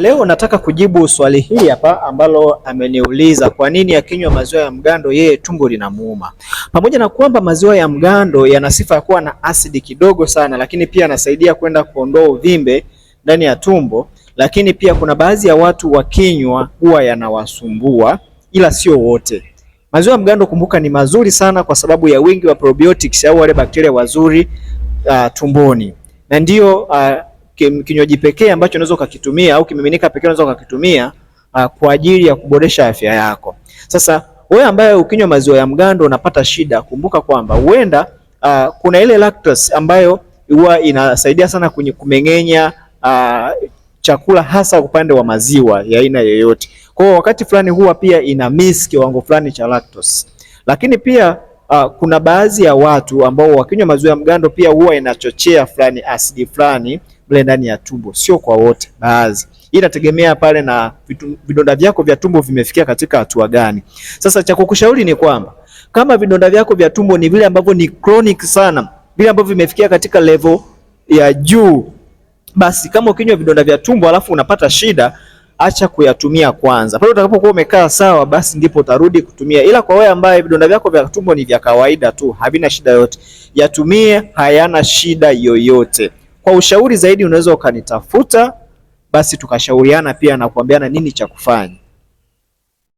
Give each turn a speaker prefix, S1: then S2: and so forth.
S1: Leo nataka kujibu swali hili hapa ambalo ameniuliza, kwa nini akinywa maziwa ya mgando yeye tumbo linamuuma? Pamoja na kwamba maziwa ya mgando yana sifa ya kuwa na asidi kidogo sana, lakini pia yanasaidia kwenda kuondoa uvimbe ndani ya tumbo, lakini pia kuna baadhi ya watu wakinywa huwa yanawasumbua, ila sio wote. Maziwa ya mgando, kumbuka, ni mazuri sana kwa sababu ya wingi wa probiotics au wale bakteria wazuri uh, tumboni na ndiyo uh, ah, kinywaji pekee ambacho unaweza ukakitumia au kimiminika pekee unaweza ukakitumia uh, kwa ajili ya kuboresha afya yako. Sasa wewe ambaye ukinywa maziwa ya mgando unapata shida, kumbuka kwamba huenda uh, kuna ile lactose ambayo huwa inasaidia sana kwenye kumeng'enya uh, chakula hasa upande wa maziwa ya aina yoyote. Kwa hiyo wakati fulani huwa pia ina miss kiwango fulani cha lactose. Lakini pia uh, kuna baadhi ya watu ambao wakinywa maziwa ya mgando pia huwa inachochea fulani asidi fulani mle ndani ya tumbo, sio kwa wote, baadhi. Hii inategemea pale na vidonda vyako vya tumbo vimefikia katika hatua gani. Sasa cha kukushauri ni kwamba kama vidonda vyako vya tumbo ni vile ambavyo ni chronic sana, vile ambavyo vimefikia katika level ya juu, basi kama ukinywa vidonda vya tumbo alafu unapata shida acha kuyatumia kwanza. Pale utakapokuwa umekaa sawa, basi ndipo utarudi kutumia. Ila kwa wewe ambaye vidonda vyako vya tumbo ni vya kawaida tu, havina shida yoyote, yatumie, hayana shida yoyote. Kwa ushauri zaidi unaweza ukanitafuta, basi tukashauriana pia na kuambiana nini cha kufanya.